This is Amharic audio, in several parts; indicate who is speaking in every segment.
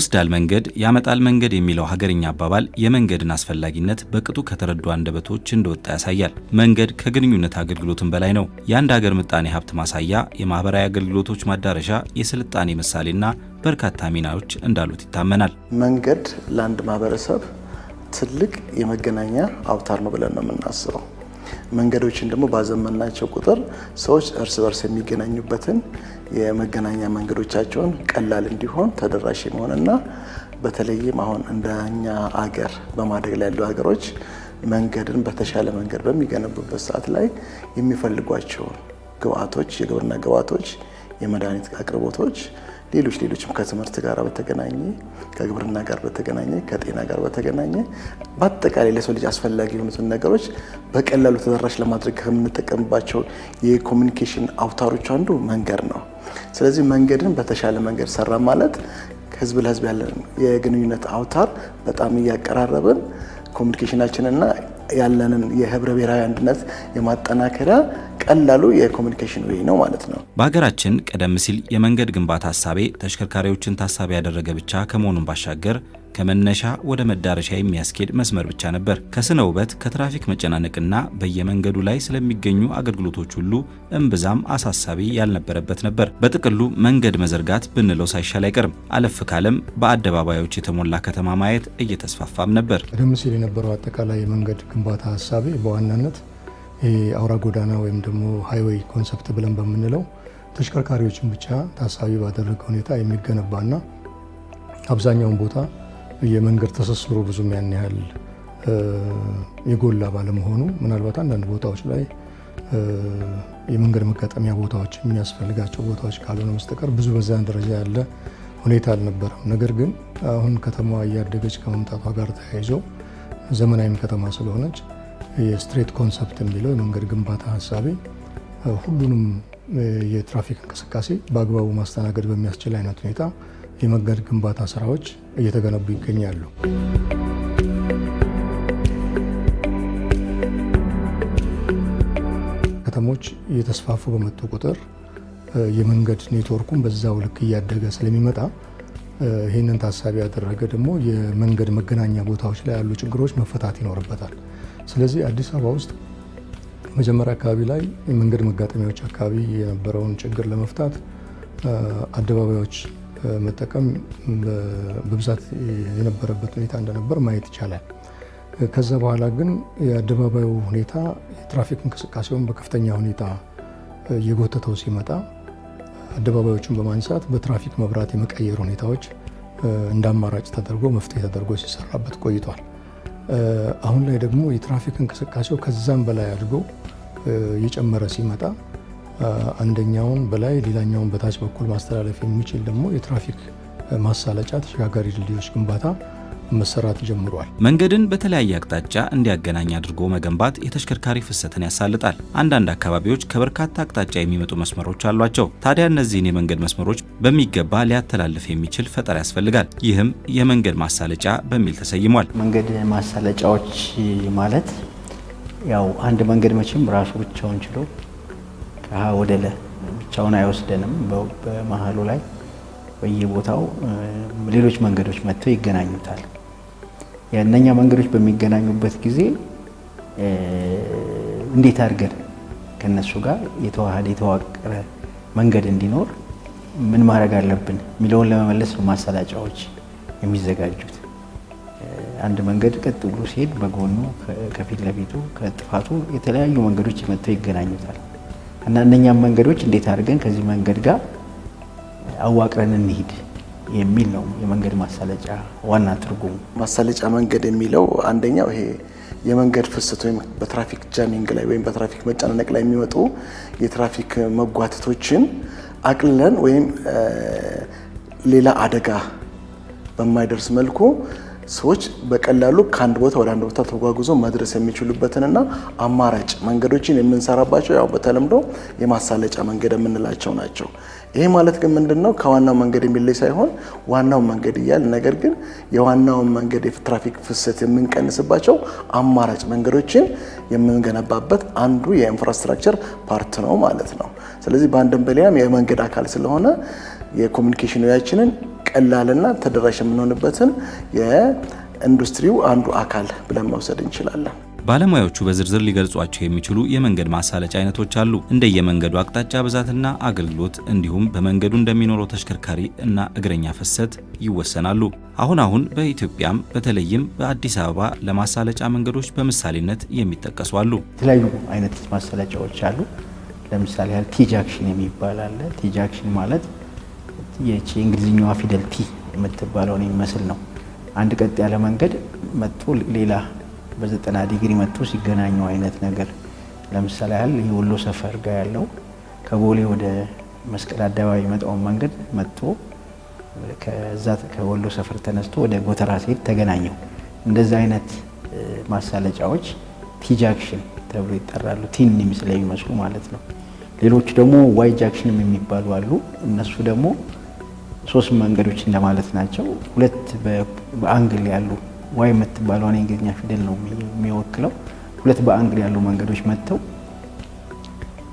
Speaker 1: ይወስዳል መንገድ ያመጣል መንገድ የሚለው ሀገርኛ አባባል የመንገድን አስፈላጊነት በቅጡ ከተረዱ አንደበቶች እንደወጣ ያሳያል። መንገድ ከግንኙነት አገልግሎትም በላይ ነው። የአንድ ሀገር ምጣኔ ሀብት ማሳያ፣ የማህበራዊ አገልግሎቶች ማዳረሻ፣ የስልጣኔ ምሳሌና በርካታ ሚናዎች እንዳሉት ይታመናል።
Speaker 2: መንገድ ለአንድ ማህበረሰብ ትልቅ የመገናኛ አውታር ነው ብለን ነው የምናስበው። መንገዶችን ደግሞ ባዘመናቸው ቁጥር ሰዎች እርስ በርስ የሚገናኙበትን የመገናኛ መንገዶቻቸውን ቀላል እንዲሆን ተደራሽ መሆንና በተለይም አሁን እንደኛ አገር በማደግ ላይ ያሉ ሀገሮች መንገድን በተሻለ መንገድ በሚገነቡበት ሰዓት ላይ የሚፈልጓቸውን ግብአቶች፣ የግብርና ግብአቶች፣ የመድኃኒት አቅርቦቶች ሌሎች ሌሎችም ከትምህርት ጋር በተገናኘ ከግብርና ጋር በተገናኘ ከጤና ጋር በተገናኘ በአጠቃላይ ለሰው ልጅ አስፈላጊ የሆኑትን ነገሮች በቀላሉ ተደራሽ ለማድረግ ከምንጠቀምባቸው የኮሚኒኬሽን አውታሮች አንዱ መንገድ ነው። ስለዚህ መንገድን በተሻለ መንገድ ሰራ ማለት ህዝብ ለህዝብ ያለን የግንኙነት አውታር በጣም እያቀራረብን ኮሚኒኬሽናችንና ያለንን የህብረ ብሔራዊ አንድነት የማጠናከሪያ ቀላሉ የኮሚኒኬሽን ዌይ ነው ማለት ነው።
Speaker 1: በሀገራችን ቀደም ሲል የመንገድ ግንባታ ሀሳቤ ተሽከርካሪዎችን ታሳቢ ያደረገ ብቻ ከመሆኑን ባሻገር ከመነሻ ወደ መዳረሻ የሚያስኬድ መስመር ብቻ ነበር። ከስነ ውበት ከትራፊክ መጨናነቅና በየመንገዱ ላይ ስለሚገኙ አገልግሎቶች ሁሉ እምብዛም አሳሳቢ ያልነበረበት ነበር። በጥቅሉ መንገድ መዘርጋት ብንለው ሳይሻል አይቀርም። አለፍ ካለም በአደባባዮች የተሞላ ከተማ ማየት እየተስፋፋም ነበር።
Speaker 3: ቀደም ሲል የነበረው አጠቃላይ የመንገድ ግንባታ ሀሳቤ በዋናነት አውራ ጎዳና ወይም ደግሞ ሃይዌይ ኮንሰፕት ብለን በምንለው ተሽከርካሪዎችን ብቻ ታሳቢ ባደረገ ሁኔታ የሚገነባና አብዛኛውን ቦታ የመንገድ ትስስሩ ብዙም ያን ያህል የጎላ ባለመሆኑ ምናልባት አንዳንድ ቦታዎች ላይ የመንገድ መጋጠሚያ ቦታዎች የሚያስፈልጋቸው ቦታዎች ካልሆነ መስጠቀር ብዙ በዛን ደረጃ ያለ ሁኔታ አልነበረም። ነገር ግን አሁን ከተማዋ እያደገች ከመምጣቷ ጋር ተያይዞ ዘመናዊም ከተማ ስለሆነች የስትሬት ኮንሰፕት የሚለው የመንገድ ግንባታ ሀሳቤ ሁሉንም የትራፊክ እንቅስቃሴ በአግባቡ ማስተናገድ በሚያስችል አይነት ሁኔታ የመንገድ ግንባታ ስራዎች እየተገነቡ ይገኛሉ። ከተሞች እየተስፋፉ በመጡ ቁጥር የመንገድ ኔትወርኩን በዛው ልክ እያደገ ስለሚመጣ ይህንን ታሳቢ ያደረገ ደግሞ የመንገድ መገናኛ ቦታዎች ላይ ያሉ ችግሮች መፈታት ይኖርበታል። ስለዚህ አዲስ አበባ ውስጥ መጀመሪያ አካባቢ ላይ የመንገድ መጋጠሚያዎች አካባቢ የነበረውን ችግር ለመፍታት አደባባዮች መጠቀም በብዛት የነበረበት ሁኔታ እንደነበር ማየት ይቻላል። ከዛ በኋላ ግን የአደባባዩ ሁኔታ የትራፊክ እንቅስቃሴውን በከፍተኛ ሁኔታ እየጎተተው ሲመጣ አደባባዮቹን በማንሳት በትራፊክ መብራት የመቀየር ሁኔታዎች እንደ አማራጭ ተደርጎ መፍትሄ ተደርጎ ሲሰራበት ቆይቷል። አሁን ላይ ደግሞ የትራፊክ እንቅስቃሴው ከዛም በላይ አድርጎ እየጨመረ ሲመጣ አንደኛውን በላይ ሌላኛውን በታች በኩል ማስተላለፍ የሚችል ደግሞ የትራፊክ ማሳለጫ ተሸጋጋሪ ድልድዮች ግንባታ መሰራት ጀምሯል።
Speaker 1: መንገድን በተለያየ አቅጣጫ እንዲያገናኝ አድርጎ መገንባት የተሽከርካሪ ፍሰትን ያሳልጣል። አንዳንድ አካባቢዎች ከበርካታ አቅጣጫ የሚመጡ መስመሮች አሏቸው። ታዲያ እነዚህን የመንገድ መስመሮች በሚገባ ሊያተላልፍ የሚችል ፈጠራ ያስፈልጋል። ይህም የመንገድ ማሳለጫ በሚል ተሰይሟል።
Speaker 4: መንገድ ማሳለጫዎች ማለት ያው አንድ መንገድ መቼም ራሱ ብቻውን ችሎ ከሀ ወደ ለ ብቻውን አይወስደንም። በመሀሉ ላይ በየቦታው ሌሎች መንገዶች መጥተው ይገናኙታል። እነኛ መንገዶች በሚገናኙበት ጊዜ እንዴት አድርገን ከነሱ ጋር የተዋሃደ የተዋቀረ መንገድ እንዲኖር ምን ማድረግ አለብን የሚለውን ለመመለስ ነው ማሰላጫዎች የሚዘጋጁት። አንድ መንገድ ቀጥ ብሎ ሲሄድ በጎኑ ከፊት ለፊቱ ከጥፋቱ የተለያዩ መንገዶች መጥተው ይገናኙታል እና እነኛም መንገዶች እንዴት አድርገን ከዚህ መንገድ ጋር አዋቅረን እንሂድ የሚል ነው የመንገድ ማሳለጫ ዋና ትርጉሙ።
Speaker 2: ማሳለጫ መንገድ የሚለው አንደኛው ይሄ የመንገድ ፍሰት ወይም በትራፊክ ጃሚንግ ላይ ወይም በትራፊክ መጨናነቅ ላይ የሚመጡ የትራፊክ መጓተቶችን አቅልለን ወይም ሌላ አደጋ በማይደርስ መልኩ ሰዎች በቀላሉ ከአንድ ቦታ ወደ አንድ ቦታ ተጓጉዞ መድረስ የሚችሉበትንና አማራጭ መንገዶችን የምንሰራባቸው ያው በተለምዶ የማሳለጫ መንገድ የምንላቸው ናቸው። ይሄ ማለት ግን ምንድን ነው? ከዋናው መንገድ የሚለይ ሳይሆን ዋናው መንገድ እያል ነገር ግን የዋናውን መንገድ የትራፊክ ፍሰት የምንቀንስባቸው አማራጭ መንገዶችን የምንገነባበት አንዱ የኢንፍራስትራክቸር ፓርት ነው ማለት ነው። ስለዚህ በአንድም በሌላም የመንገድ አካል ስለሆነ የኮሚኒኬሽን ያችንን ቀላልና ተደራሽ የምንሆንበትን የኢንዱስትሪው አንዱ አካል ብለን መውሰድ እንችላለን።
Speaker 1: ባለሙያዎቹ በዝርዝር ሊገልጿቸው የሚችሉ የመንገድ ማሳለጫ አይነቶች አሉ። እንደየመንገዱ አቅጣጫ ብዛትና አገልግሎት እንዲሁም በመንገዱ እንደሚኖረው ተሽከርካሪ እና እግረኛ ፍሰት ይወሰናሉ። አሁን አሁን በኢትዮጵያም በተለይም በአዲስ አበባ ለማሳለጫ መንገዶች በምሳሌነት የሚጠቀሱ አሉ።
Speaker 4: የተለያዩ አይነት ማሳለጫዎች አሉ። ለምሳሌ ያህል ቲ ጃክሽን የሚባል አለ። ቲ ጃክሽን ማለት ይቺ እንግሊዝኛዋ ፊደል ቲ የምትባለውን የሚመስል ነው። አንድ ቀጥ ያለ መንገድ መጥቶ ሌላ በዘጠና ዲግሪ መጥቶ ሲገናኙ አይነት ነገር ለምሳሌ ያህል የወሎ ሰፈር ጋር ያለው ከቦሌ ወደ መስቀል አደባባይ የመጣውን መንገድ መጥቶ ከዛ ከወሎ ሰፈር ተነስቶ ወደ ጎተራ ሲሄድ ተገናኘው። እንደዚህ አይነት ማሳለጫዎች ቲ ጃክሽን ተብሎ ይጠራሉ። የሚስለ የሚመስሉ ማለት ነው። ሌሎቹ ደግሞ ዋይ ጃክሽንም የሚባሉ አሉ። እነሱ ደግሞ ሶስት መንገዶች እንደማለት ናቸው። ሁለት በአንግል ያሉ ዋይ የምትባለውን የእንግሊዝኛ ፊደል ነው የሚወክለው። ሁለት በአንግል ያሉ መንገዶች መጥተው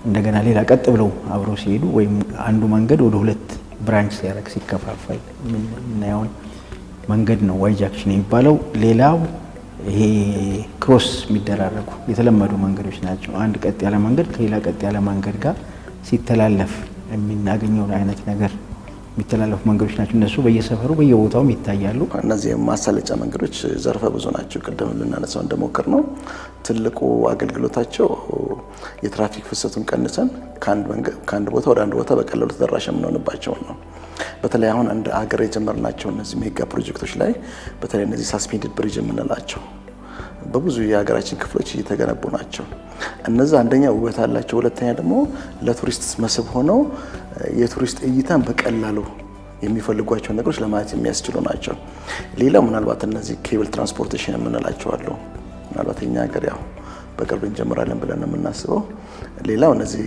Speaker 4: እንደገና ሌላ ቀጥ ብለው አብረው ሲሄዱ ወይም አንዱ መንገድ ወደ ሁለት ብራንች ሲያደርግ ሲከፋፋይ የምናየውን መንገድ ነው ዋይ ጃክሽን የሚባለው። ሌላው ይሄ ክሮስ የሚደራረጉ የተለመዱ መንገዶች ናቸው። አንድ ቀጥ ያለ መንገድ ከሌላ ቀጥ ያለ መንገድ ጋር ሲተላለፍ የምናገኘውን አይነት ነገር የሚተላለፉ መንገዶች ናቸው። እነሱ በየሰፈሩ በየቦታውም ይታያሉ።
Speaker 2: እነዚህ ማሳለጫ መንገዶች ዘርፈ ብዙ ናቸው። ቅድም ልናነሳው እንደሞከር ነው ትልቁ አገልግሎታቸው የትራፊክ ፍሰቱን ቀንሰን ከአንድ ቦታ ወደ አንድ ቦታ በቀላሉ ተደራሽ የምንሆንባቸውን ነው። በተለይ አሁን እንደ ሀገር የጀመርናቸው እነዚህ ሜጋ ፕሮጀክቶች ላይ በተለይ እነዚህ ሳስፔንድድ ብሪጅ የምንላቸው በብዙ የሀገራችን ክፍሎች እየተገነቡ ናቸው። እነዛ አንደኛ ውበት አላቸው፣ ሁለተኛ ደግሞ ለቱሪስት መስህብ ሆነው የቱሪስት እይታን በቀላሉ የሚፈልጓቸውን ነገሮች ለማየት የሚያስችሉ ናቸው። ሌላው ምናልባት እነዚህ ኬብል ትራንስፖርቴሽን የምንላቸው አሉ። ምናልባት እኛ ሀገር ያው በቅርብ እንጀምራለን ብለን የምናስበው ሌላው እነዚህ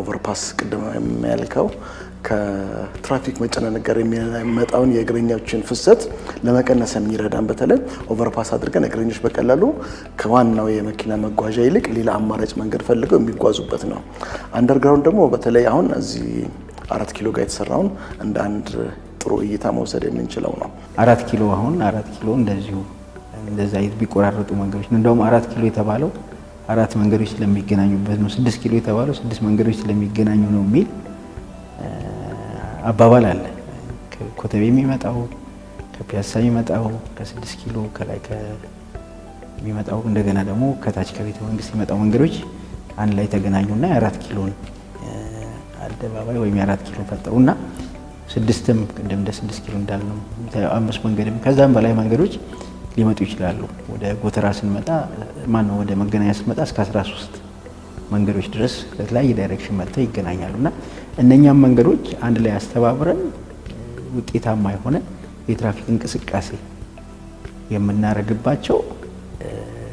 Speaker 2: ኦቨርፓስ ቅድመ የሚያልከው ከትራፊክ መጨናነቅ ጋር የሚመጣውን የእግረኞችን ፍሰት ለመቀነስ የሚረዳን በተለይ ኦቨርፓስ አድርገን እግረኞች በቀላሉ ከዋናው የመኪና መጓዣ ይልቅ ሌላ አማራጭ መንገድ ፈልገው የሚጓዙበት ነው። አንደርግራውንድ ደግሞ በተለይ አሁን እዚህ አራት ኪሎ ጋር የተሰራውን እንደ አንድ ጥሩ እይታ መውሰድ የምንችለው ነው።
Speaker 4: አራት ኪሎ አሁን አራት ኪሎ እንደዚሁ እንደዚ አይነት ቢቆራረጡ መንገዶች እንደውም አራት ኪሎ የተባለው አራት መንገዶች ስለሚገናኙበት ነው። ስድስት ኪሎ የተባለው ስድስት መንገዶች ስለሚገናኙ ነው የሚል አባባል አለ። ከኮተቤ የሚመጣው ከፒያሳ የሚመጣው ከስድስት ኪሎ ከላይ የሚመጣው እንደገና ደግሞ ከታች ከቤተ መንግስት የሚመጣው መንገዶች አንድ ላይ ተገናኙና የአራት ኪሎን አደባባይ ወይም የአራት ኪሎ ፈጠሩና ስድስትም ቅድም እንደ ስድስት ኪሎ እንዳልነው አምስት መንገድም ከዛም በላይ መንገዶች ሊመጡ ይችላሉ። ወደ ጎተራ ስንመጣ ማነው ወደ መገናኛ ስንመጣ እስከ 13 መንገዶች ድረስ በተለያየ ዳይሬክሽን መጥተው ይገናኛሉ እና እነኛም መንገዶች አንድ ላይ አስተባብረን ውጤታማ የሆነ የትራፊክ እንቅስቃሴ የምናደርግባቸው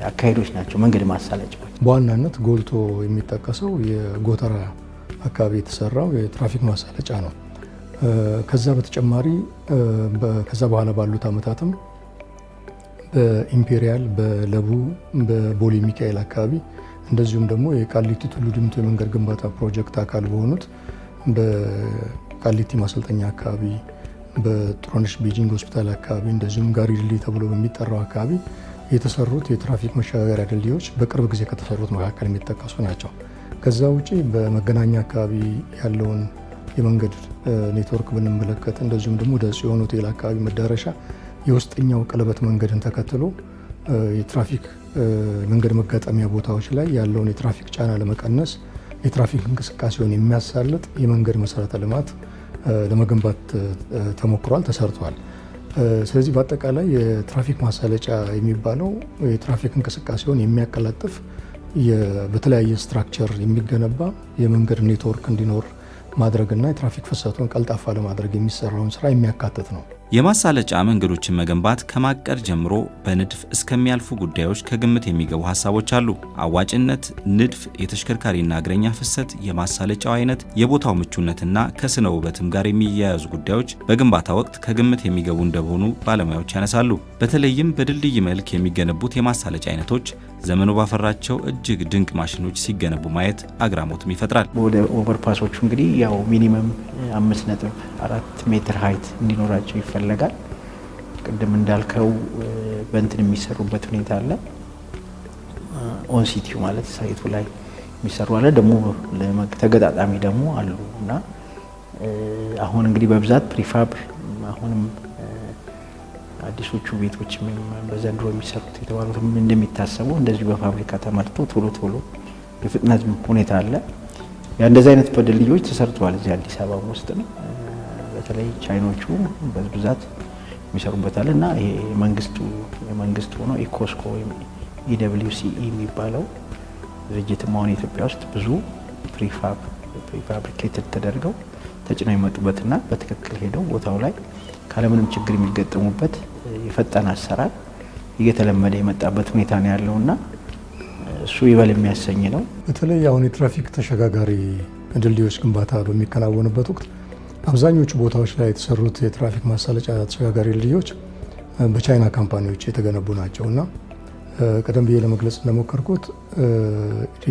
Speaker 4: አካሄዶች ናቸው። መንገድ ማሳለጫዎች
Speaker 3: በዋናነት ጎልቶ የሚጠቀሰው የጎተራ አካባቢ የተሰራው የትራፊክ ማሳለጫ ነው። ከዛ በተጨማሪ ከዛ በኋላ ባሉት ዓመታትም በኢምፔሪያል፣ በለቡ፣ በቦሌ ሚካኤል አካባቢ እንደዚሁም ደግሞ የቃሊቲ ቱሉ ዲምቱ የመንገድ ግንባታ ፕሮጀክት አካል በሆኑት በቃሊቲ ማሰልጠኛ አካባቢ፣ በጥሩነሽ ቤጂንግ ሆስፒታል አካባቢ እንደዚሁም ጋሪ ድልድይ ተብሎ በሚጠራው አካባቢ የተሰሩት የትራፊክ መሸጋገሪያ ድልድዮች በቅርብ ጊዜ ከተሰሩት መካከል የሚጠቀሱ ናቸው። ከዛ ውጪ በመገናኛ አካባቢ ያለውን የመንገድ ኔትወርክ ብንመለከት እንደዚሁም ደግሞ ወደ ጽዮን ሆቴል አካባቢ መዳረሻ የውስጠኛው ቀለበት መንገድን ተከትሎ የትራፊክ መንገድ መጋጠሚያ ቦታዎች ላይ ያለውን የትራፊክ ጫና ለመቀነስ የትራፊክ እንቅስቃሴውን የሚያሳልጥ የመንገድ መሰረተ ልማት ለመገንባት ተሞክሯል፣ ተሰርቷል። ስለዚህ በአጠቃላይ የትራፊክ ማሳለጫ የሚባለው የትራፊክ እንቅስቃሴውን የሚያቀላጥፍ በተለያየ ስትራክቸር የሚገነባ የመንገድ ኔትወርክ እንዲኖር ማድረግና የትራፊክ ፍሰቱን ቀልጣፋ ለማድረግ የሚሰራውን ስራ የሚያካትት ነው።
Speaker 1: የማሳለጫ መንገዶችን መገንባት ከማቀድ ጀምሮ በንድፍ እስከሚያልፉ ጉዳዮች ከግምት የሚገቡ ሀሳቦች አሉ። አዋጭነት፣ ንድፍ፣ የተሽከርካሪና እግረኛ ፍሰት፣ የማሳለጫው አይነት፣ የቦታው ምቹነትና ከስነ ውበትም ጋር የሚያያዙ ጉዳዮች በግንባታ ወቅት ከግምት የሚገቡ እንደሆኑ ባለሙያዎች ያነሳሉ። በተለይም በድልድይ መልክ የሚገነቡት የማሳለጫ አይነቶች ዘመኑ ባፈራቸው እጅግ ድንቅ ማሽኖች ሲገነቡ ማየት አግራሞትም ይፈጥራል።
Speaker 4: ወደ ኦቨርፓሶቹ እንግዲህ ያው ሚኒመም አምስት ነጥብ አራት ሜትር ሀይት እንዲኖራቸው ይፈለጋል። ቅድም እንዳልከው በእንትን የሚሰሩበት ሁኔታ አለ። ኦንሲቲው ማለት ሳይቱ ላይ የሚሰሩ አለ ደግሞ ተገጣጣሚ ደግሞ አሉ እና አሁን እንግዲህ በብዛት ፕሪፋብ አሁንም አዲሶቹ ቤቶች በዘንድሮ የሚሰሩት የተባሉት እንደሚታሰቡ እንደዚሁ በፋብሪካ ተመርቶ ቶሎ ቶሎ የፍጥነት ሁኔታ አለ። እንደዚህ አይነት ድልድዮች ተሰርተዋል እዚህ አዲስ አበባ ውስጥ ነው። በተለይ ቻይኖቹ በብዛት የሚሰሩበታል እና ይሄ የመንግስቱ የመንግስት ሆኖ ኢኮስኮ ወይም ኢደብሊውሲኢ የሚባለው ድርጅት መሆን ኢትዮጵያ ውስጥ ብዙ ፕሪፋብሪኬትድ ተደርገው ተጭነው የመጡበትና በትክክል ሄደው ቦታው ላይ ካለምንም ችግር የሚገጠሙበት የፈጠነ አሰራር እየተለመደ የመጣበት ሁኔታ ነው እና እሱ ይበል የሚያሰኝ ነው።
Speaker 3: በተለይ አሁን የትራፊክ ተሸጋጋሪ ድልድዮች ግንባታ በሚከናወንበት ወቅት አብዛኞቹ ቦታዎች ላይ የተሰሩት የትራፊክ ማሳለጫ ተሸጋጋሪ ድልድዮች በቻይና ካምፓኒዎች የተገነቡ ናቸው እና ቀደም ብዬ ለመግለጽ እንደሞከርኩት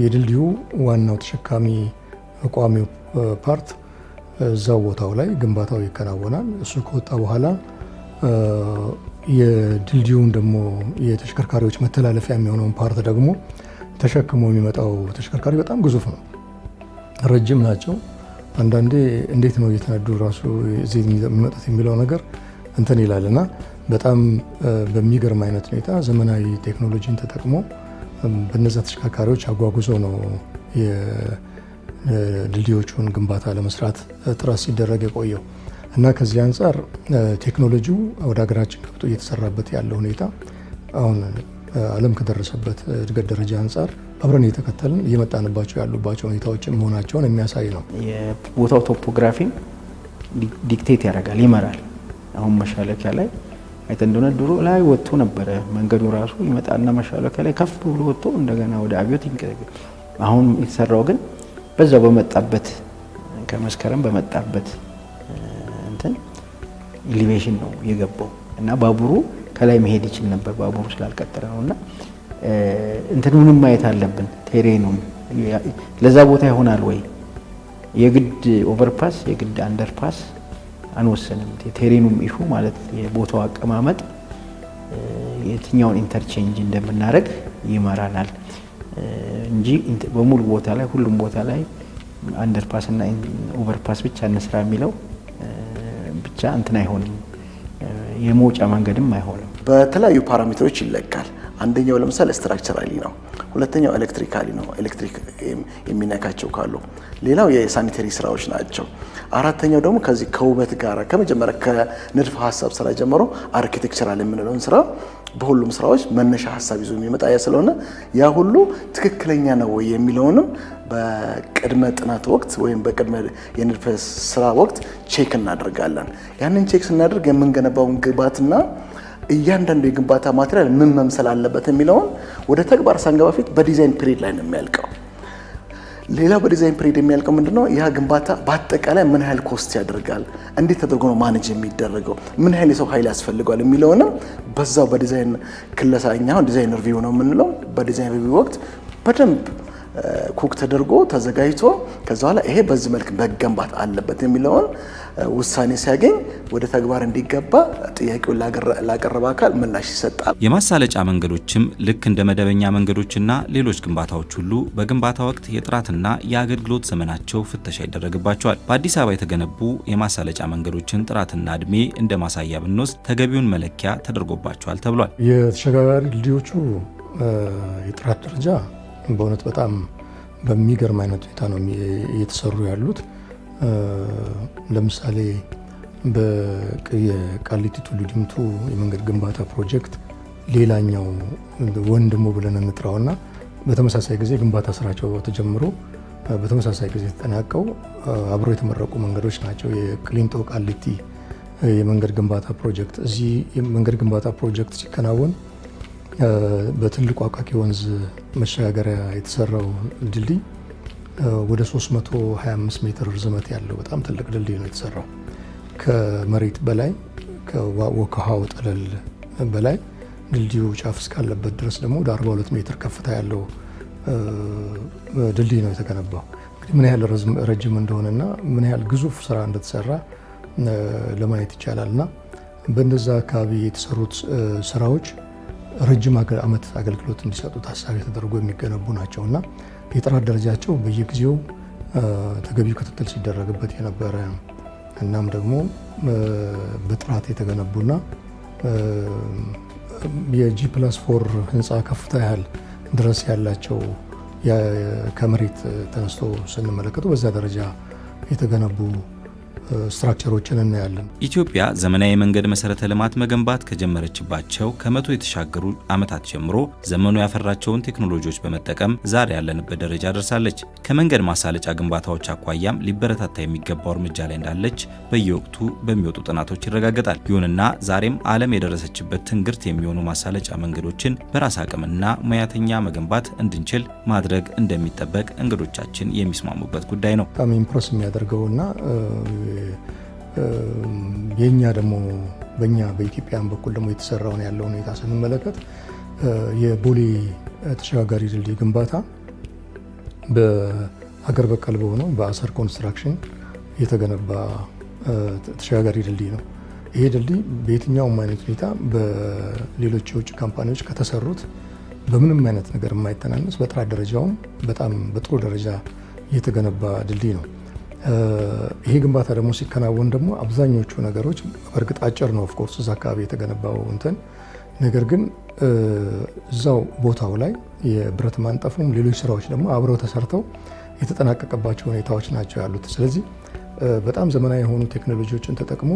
Speaker 3: የድልድዩ ዋናው ተሸካሚ ቋሚው ፓርት እዛው ቦታው ላይ ግንባታው ይከናወናል። እሱ ከወጣ በኋላ የድልድዩን ደግሞ የተሽከርካሪዎች መተላለፊያ የሚሆነውን ፓርት ደግሞ ተሸክሞ የሚመጣው ተሽከርካሪ በጣም ግዙፍ ነው፣ ረጅም ናቸው። አንዳንዴ እንዴት ነው እየተነዱ ራሱ እዚህ የሚመጡት የሚለው ነገር እንትን ይላል እና በጣም በሚገርም አይነት ሁኔታ ዘመናዊ ቴክኖሎጂን ተጠቅሞ በነዛ ተሽከርካሪዎች አጓጉዞ ነው የድልድዮቹን ግንባታ ለመስራት ጥረት ሲደረግ የቆየው። እና ከዚህ አንጻር ቴክኖሎጂው ወደ ሀገራችን ገብቶ እየተሰራበት ያለው ሁኔታ አሁን ዓለም ከደረሰበት እድገት ደረጃ አንጻር አብረን እየተከተልን እየመጣንባቸው ያሉባቸው ሁኔታዎች መሆናቸውን የሚያሳይ ነው።
Speaker 4: የቦታው ቶፖግራፊም ዲክቴት ያደርጋል፣ ይመራል። አሁን መሻለኪያ ላይ አይተ እንደሆነ ድሮ ላይ ወጥቶ ነበረ መንገዱ ራሱ ይመጣና መሻለኪያ ላይ ከፍ ብሎ ወጥቶ እንደገና ወደ አብዮት ይንቀጠቀጥ። አሁን የተሰራው ግን በዛው በመጣበት ከመስከረም በመጣበት ኢሊቬሽን ነው የገባው እና ባቡሩ ከላይ መሄድ ይችል ነበር። ባቡሩ ስላልቀጠረ ነው እና እንትን ምንም ማየት አለብን። ቴሬኑም ለዛ ቦታ ይሆናል ወይ የግድ ኦቨርፓስ የግድ አንደርፓስ አንወሰንም። ቴሬኑም ኢሹ ማለት የቦታው አቀማመጥ የትኛውን ኢንተርቼንጅ እንደምናደርግ ይመራናል እንጂ በሙሉ ቦታ ላይ ሁሉም ቦታ ላይ አንደርፓስ እና ኦቨርፓስ ብቻ እንስራ የሚለው እንትን አይሆንም፣ የመውጫ መንገድም አይሆንም።
Speaker 2: በተለያዩ ፓራሜትሮች ይለካል። አንደኛው ለምሳሌ ስትራክቸራሊ ነው። ሁለተኛው ኤሌክትሪካሊ ነው፣ ኤሌክትሪክ የሚነካቸው ካሉ። ሌላው የሳኒተሪ ስራዎች ናቸው። አራተኛው ደግሞ ከዚህ ከውበት ጋር ከመጀመሪያ ከንድፈ ሀሳብ ስራ ጀምሮ አርኪቴክቸራል የምንለውን ስራ በሁሉም ስራዎች መነሻ ሀሳብ ይዞ የሚመጣ ስለሆነ ያ ሁሉ ትክክለኛ ነው ወይ የሚለውንም በቅድመ ጥናት ወቅት ወይም በቅድመ የንድፈ ስራ ወቅት ቼክ እናደርጋለን። ያንን ቼክ ስናደርግ የምንገነባውን ግብዓትና እያንዳንዱ የግንባታ ማቴሪያል ምን መምሰል አለበት የሚለውን ወደ ተግባር ሳንገባ ፊት በዲዛይን ፒሪድ ላይ ነው የሚያልቀው። ሌላው በዲዛይን ፒሪድ የሚያልቀው ምንድነው? ያ ግንባታ በአጠቃላይ ምን ያህል ኮስት ያደርጋል፣ እንዴት ተደርጎ ነው ማኔጅ የሚደረገው፣ ምን ያህል የሰው ኃይል ያስፈልገዋል የሚለውንም በዛው በዲዛይን ክለሳ እኛ ዲዛይን ሪቪው ነው የምንለው። በዲዛይን ሪቪው ወቅት በደንብ ኩክ ተደርጎ ተዘጋጅቶ ከዛ በኋላ ይሄ በዚህ መልክ መገንባት አለበት የሚለውን ውሳኔ ሲያገኝ ወደ ተግባር እንዲገባ ጥያቄውን ላቀረበ አካል ምላሽ ይሰጣል።
Speaker 1: የማሳለጫ መንገዶችም ልክ እንደ መደበኛ መንገዶችና ሌሎች ግንባታዎች ሁሉ በግንባታ ወቅት የጥራትና የአገልግሎት ዘመናቸው ፍተሻ ይደረግባቸዋል። በአዲስ አበባ የተገነቡ የማሳለጫ መንገዶችን ጥራትና እድሜ እንደ ማሳያ ብንወስድ ተገቢውን መለኪያ ተደርጎባቸዋል ተብሏል።
Speaker 3: የተሸጋጋሪ ድልድዮቹ የጥራት ደረጃ በእውነት በጣም በሚገርም አይነት ሁኔታ ነው እየተሰሩ ያሉት። ለምሳሌ የቃሊቲ ቱሉ ዲምቱ የመንገድ ግንባታ ፕሮጀክት ሌላኛው ወንድሙ ብለን እንጥራውና በተመሳሳይ ጊዜ ግንባታ ስራቸው ተጀምሮ በተመሳሳይ ጊዜ ተጠናቀው አብሮ የተመረቁ መንገዶች ናቸው። የቅሊንጦ ቃሊቲ የመንገድ ግንባታ ፕሮጀክት እዚህ የመንገድ ግንባታ ፕሮጀክት ሲከናወን በትልቁ አቃቂ ወንዝ መሸጋገሪያ የተሰራው ድልድይ ወደ 325 ሜትር ርዝመት ያለው በጣም ትልቅ ድልድይ ነው የተሰራው። ከመሬት በላይ ከውሃው ጠለል በላይ ድልድዩ ጫፍ እስካለበት ድረስ ደግሞ ወደ 42 ሜትር ከፍታ ያለው ድልድይ ነው የተገነባው። እንግዲህ ምን ያህል ረጅም እንደሆነና ምን ያህል ግዙፍ ስራ እንደተሰራ ለማየት ይቻላል እና በእንደዛ አካባቢ የተሰሩት ስራዎች ረጅም ዓመት አገልግሎት እንዲሰጡ ታሳቢ ተደርጎ የሚገነቡ ናቸው እና የጥራት ደረጃቸው በየጊዜው ተገቢው ክትትል ሲደረግበት የነበረ እናም ደግሞ በጥራት የተገነቡና የጂ ፕላስ ፎር ህንፃ ከፍታ ያህል ድረስ ያላቸው ከመሬት ተነስቶ ስንመለከቱ በዛ ደረጃ የተገነቡ ስትራክቸሮችን እናያለን።
Speaker 1: ኢትዮጵያ ዘመናዊ የመንገድ መሰረተ ልማት መገንባት ከጀመረችባቸው ከመቶ የተሻገሩ ዓመታት ጀምሮ ዘመኑ ያፈራቸውን ቴክኖሎጂዎች በመጠቀም ዛሬ ያለንበት ደረጃ ደርሳለች። ከመንገድ ማሳለጫ ግንባታዎች አኳያም ሊበረታታ የሚገባው እርምጃ ላይ እንዳለች በየወቅቱ በሚወጡ ጥናቶች ይረጋገጣል። ይሁንና ዛሬም ዓለም የደረሰችበት ትንግርት የሚሆኑ ማሳለጫ መንገዶችን በራስ አቅምና ሙያተኛ መገንባት እንድንችል ማድረግ እንደሚጠበቅ እንግዶቻችን የሚስማሙበት ጉዳይ ነው።
Speaker 3: በጣም ኢምፕረስ የሚያደርገውና የእኛ ደግሞ በእኛ በኢትዮጵያን በኩል ደግሞ የተሰራውን ያለው ሁኔታ ስንመለከት የቦሌ ተሸጋጋሪ ድልድይ ግንባታ በሀገር በቀል በሆነው በአሰር ኮንስትራክሽን የተገነባ ተሸጋጋሪ ድልድይ ነው። ይሄ ድልድይ በየትኛውም አይነት ሁኔታ በሌሎች የውጭ ካምፓኒዎች ከተሰሩት በምንም አይነት ነገር የማይተናነስ በጥራት ደረጃውም በጣም በጥሩ ደረጃ የተገነባ ድልድይ ነው። ይሄ ግንባታ ደግሞ ሲከናወን ደግሞ አብዛኞቹ ነገሮች በእርግጥ አጭር ነው ኦፍኮርስ እዛ አካባቢ የተገነባው እንትን ነገር ግን እዛው ቦታው ላይ የብረት ማንጠፉም ሌሎች ስራዎች ደግሞ አብረው ተሰርተው የተጠናቀቀባቸው ሁኔታዎች ናቸው ያሉት። ስለዚህ በጣም ዘመናዊ የሆኑ ቴክኖሎጂዎችን ተጠቅሞ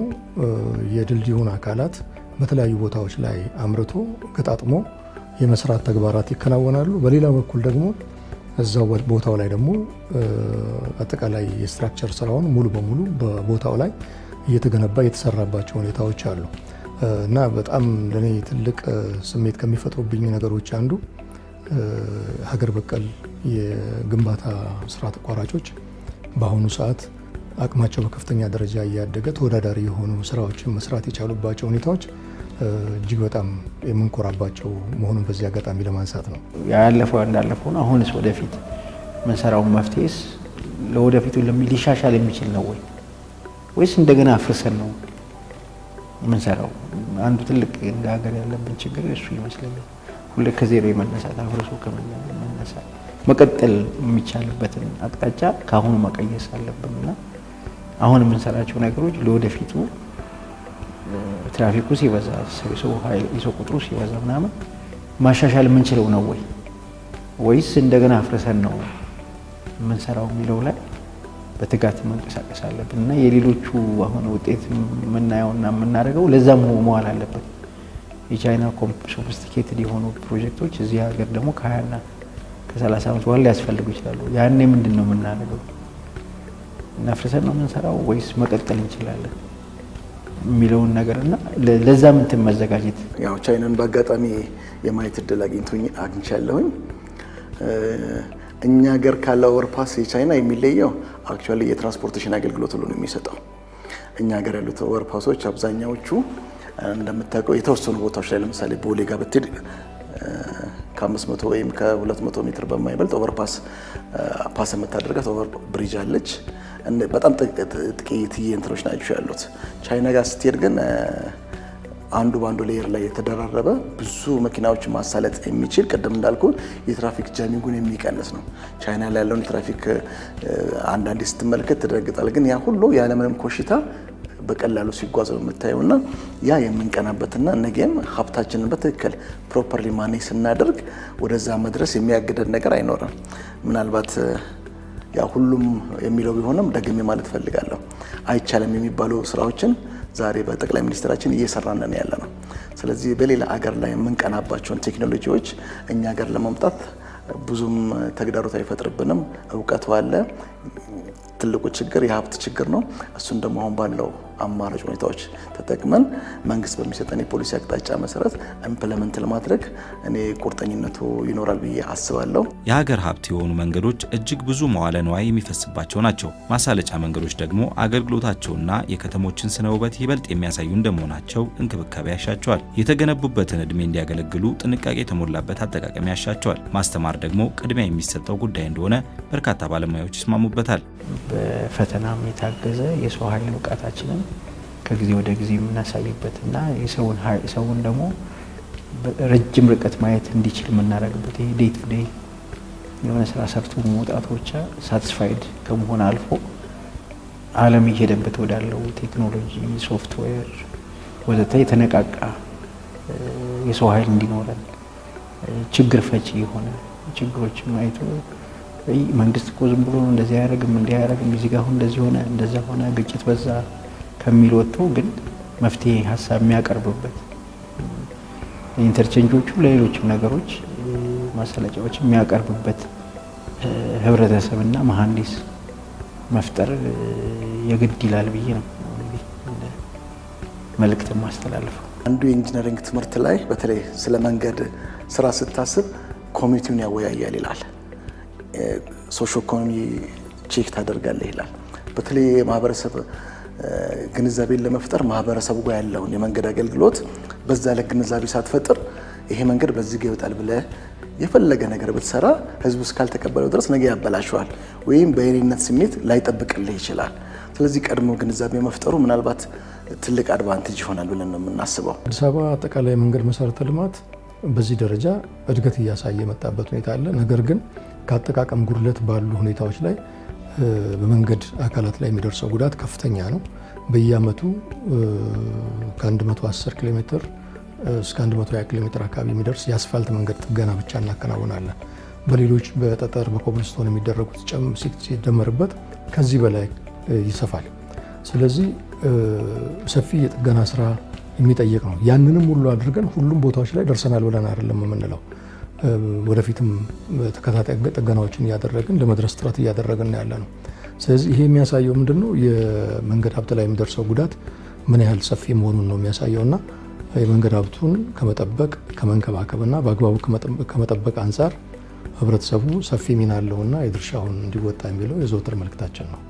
Speaker 3: የድልድዩን አካላት በተለያዩ ቦታዎች ላይ አምርቶ ገጣጥሞ የመስራት ተግባራት ይከናወናሉ። በሌላ በኩል ደግሞ እዛው ቦታው ላይ ደግሞ አጠቃላይ የስትራክቸር ስራውን ሙሉ በሙሉ በቦታው ላይ እየተገነባ የተሰራባቸው ሁኔታዎች አሉ እና በጣም ለእኔ ትልቅ ስሜት ከሚፈጥሩብኝ ነገሮች አንዱ ሀገር በቀል የግንባታ ስራ ተቋራጮች በአሁኑ ሰዓት አቅማቸው በከፍተኛ ደረጃ እያደገ ተወዳዳሪ የሆኑ ስራዎችን መስራት የቻሉባቸው ሁኔታዎች እጅግ በጣም የምንኮራባቸው መሆኑን በዚህ አጋጣሚ ለማንሳት ነው።
Speaker 4: ያለፈው እንዳለፈው ነው። አሁንስ ወደፊት ምንሰራውን መፍትሄስ ለወደፊቱ ሊሻሻል የሚችል ነው ወይ ወይስ እንደገና አፍርሰን ነው የምንሰራው? አንዱ ትልቅ እንደ ሀገር ያለብን ችግር እሱ ይመስለኛል። ሁሌ ከዜሮ የመነሳት አፍርሶ ከመነሳት መቀጠል የሚቻልበትን አቅጣጫ ከአሁኑ መቀየስ አለብንና አሁን የምንሰራቸው ነገሮች ለወደፊቱ ትራፊኩ ሲበዛ የሰው ቁጥሩ ሲበዛ ምናምን ማሻሻል የምንችለው ነው ወይ ወይስ እንደገና አፍርሰን ነው የምንሰራው የሚለው ላይ በትጋት መንቀሳቀስ አለብን እና የሌሎቹ አሁን ውጤት የምናየውና የምናደርገው ለዛ መዋል አለብን። የቻይና ሶፊስቲኬትድ የሆኑ ፕሮጀክቶች እዚህ ሀገር ደግሞ ከሀያና ከሰላሳ ዓመት በኋላ ሊያስፈልጉ ይችላሉ። ያኔ ምንድን ነው የምናደርገው? እናፍርሰን ነው የምንሰራው ወይስ መቀጠል እንችላለን? የሚለውን ነገር እና ለዛ ምን መዘጋጀት
Speaker 2: ያው ቻይናን በአጋጣሚ የማየት እድል አግኝቶኝ አግኝቻለሁኝ። እኛ ሀገር ካለ ኦቨርፓስ የቻይና የሚለየው አክቹዋሊ የትራንስፖርቴሽን አገልግሎት ብሎ ነው የሚሰጠው። እኛ ሀገር ያሉት ኦቨርፓሶች አብዛኛዎቹ እንደምታውቀው የተወሰኑ ቦታዎች ላይ ለምሳሌ ቦሌ ጋር ብትሄድ ከ500 ወይም ከ200 ሜትር በማይበልጥ ኦቨርፓስ ፓስ የምታደርጋት ኦቨር ብሪጅ አለች። በጣም ጥቂት እንትኖች ናቸው ያሉት። ቻይና ጋር ስትሄድ ግን አንዱ በአንዱ ሌየር ላይ የተደራረበ ብዙ መኪናዎችን ማሳለጥ የሚችል ቅድም እንዳልኩ የትራፊክ ጃሚንጉን የሚቀንስ ነው። ቻይና ላይ ያለውን የትራፊክ አንዳንዴ ስትመለከት ትደነግጣል። ግን ያ ሁሉ ያለምንም ኮሽታ በቀላሉ ሲጓዝ ነው የምታየው እና ያ የምንቀናበትና ነገም ሀብታችንን በትክክል ፕሮፐርሊ ማኔጅ ስናደርግ ወደዛ መድረስ የሚያግደን ነገር አይኖርም። ምናልባት ያ ሁሉም የሚለው ቢሆንም ደግሜ ማለት ፈልጋለሁ፣ አይቻልም የሚባሉ ስራዎችን ዛሬ በጠቅላይ ሚኒስትራችን እየሰራ ነው ያለ ነው። ስለዚህ በሌላ አገር ላይ የምንቀናባቸውን ቴክኖሎጂዎች እኛ ሀገር ለማምጣት ብዙም ተግዳሮት አይፈጥርብንም። እውቀቱ አለ። ትልቁ ችግር የሀብት ችግር ነው። እሱን ደግሞ አሁን ባለው አማራጭ ሁኔታዎች ተጠቅመን መንግስት በሚሰጠን የፖሊሲ አቅጣጫ መሰረት ኢምፕለመንት ለማድረግ እኔ ቁርጠኝነቱ ይኖራል ብዬ አስባለሁ። የሀገር ሀብት የሆኑ መንገዶች እጅግ ብዙ መዋለ ንዋይ የሚፈስባቸው ናቸው። ማሳለጫ መንገዶች ደግሞ አገልግሎታቸውና የከተሞችን ስነ ውበት ይበልጥ የሚያሳዩ እንደመሆናቸው እንክብካቤ ያሻቸዋል። የተገነቡበትን እድሜ እንዲያገለግሉ ጥንቃቄ የተሞላበት አጠቃቀም ያሻቸዋል። ማስተማር ደግሞ ቅድሚያ የሚሰጠው ጉዳይ እንደሆነ በርካታ ባለሙያዎች ይስማሙበታል። በፈተናም የታገዘ የሰው ኃይል ብቃታችንን ከጊዜ ወደ ጊዜ የምናሳይበት እና የሰውን ደግሞ ረጅም ርቀት ማየት እንዲችል የምናደርግበት ይሄ ዴይ ቱ ዴይ የሆነ ስራ ሰርቶ መውጣት ብቻ ሳትስፋይድ ከመሆን አልፎ ዓለም እየሄደበት ወዳለው ቴክኖሎጂ፣ ሶፍትዌር ወዘተ የተነቃቃ የሰው ኃይል እንዲኖረን ችግር ፈቺ የሆነ ችግሮችን ማየቱ መንግስት እኮ ዝም ብሎ እንደዚህ አያደርግም እንዲህ አያደርግም እዚህ አሁን እንደዚህ ሆነ እንደዛ ሆነ ግጭት በዛ ከሚል ወጥቶ ግን መፍትሄ ሀሳብ የሚያቀርብበት ኢንተርቼንጆቹ ለሌሎችም ነገሮች ማሰለጫዎች የሚያቀርብበት ህብረተሰብና መሀንዲስ መፍጠር የግድ ይላል ብዬ ነው መልእክት ማስተላለፈው። አንዱ የኢንጂነሪንግ ትምህርት ላይ በተለይ ስለ መንገድ ስራ ስታስብ ኮሚኒቲውን ያወያያል ይላል። ሶሾ ኢኮኖሚ ቼክ ታደርጋለህ ይላል። በተለይ የማህበረሰብ ግንዛቤን ለመፍጠር ማህበረሰቡ ጋር ያለውን የመንገድ አገልግሎት በዛ ላይ ግንዛቤ ሳትፈጥር ይሄ መንገድ በዚህ ገብጣል ብለህ የፈለገ ነገር ብትሰራ ህዝቡ እስካልተቀበለው ድረስ ነገ ያበላሸዋል ወይም በየኔነት ስሜት ላይጠብቅልህ ይችላል። ስለዚህ ቀድሞ ግንዛቤ መፍጠሩ ምናልባት ትልቅ አድቫንቴጅ ይሆናል ብለን ነው የምናስበው። አዲስ አበባ አጠቃላይ መንገድ መሰረተ ልማት በዚህ ደረጃ እድገት እያሳየ የመጣበት ሁኔታ አለ። ነገር ግን ከአጠቃቀም ጉድለት ባሉ ሁኔታዎች ላይ በመንገድ አካላት ላይ የሚደርሰው ጉዳት ከፍተኛ ነው። በየአመቱ ከ110 ኪሎ ሜትር እስከ 120 ኪሎ ሜትር አካባቢ የሚደርስ የአስፋልት መንገድ ጥገና ብቻ እናከናውናለን። በሌሎች በጠጠር በኮብልስቶን የሚደረጉት ሲደመርበት ከዚህ በላይ ይሰፋል። ስለዚህ ሰፊ የጥገና ስራ የሚጠይቅ ነው። ያንንም ሁሉ አድርገን ሁሉም ቦታዎች ላይ ደርሰናል ብለን አይደለም የምንለው። ወደፊትም ተከታታይ ጥገናዎችን እያደረግን ለመድረስ ጥረት እያደረግን ያለ ነው። ስለዚህ ይሄ የሚያሳየው ምንድን ነው የመንገድ ሀብት ላይ የሚደርሰው ጉዳት ምን ያህል ሰፊ መሆኑን ነው የሚያሳየው እና የመንገድ ሀብቱን ከመጠበቅ ከመንከባከብና በአግባቡ ከመጠበቅ አንጻር ህብረተሰቡ ሰፊ ሚና አለውና የድርሻውን እንዲወጣ የሚለው የዘወትር መልእክታችን ነው።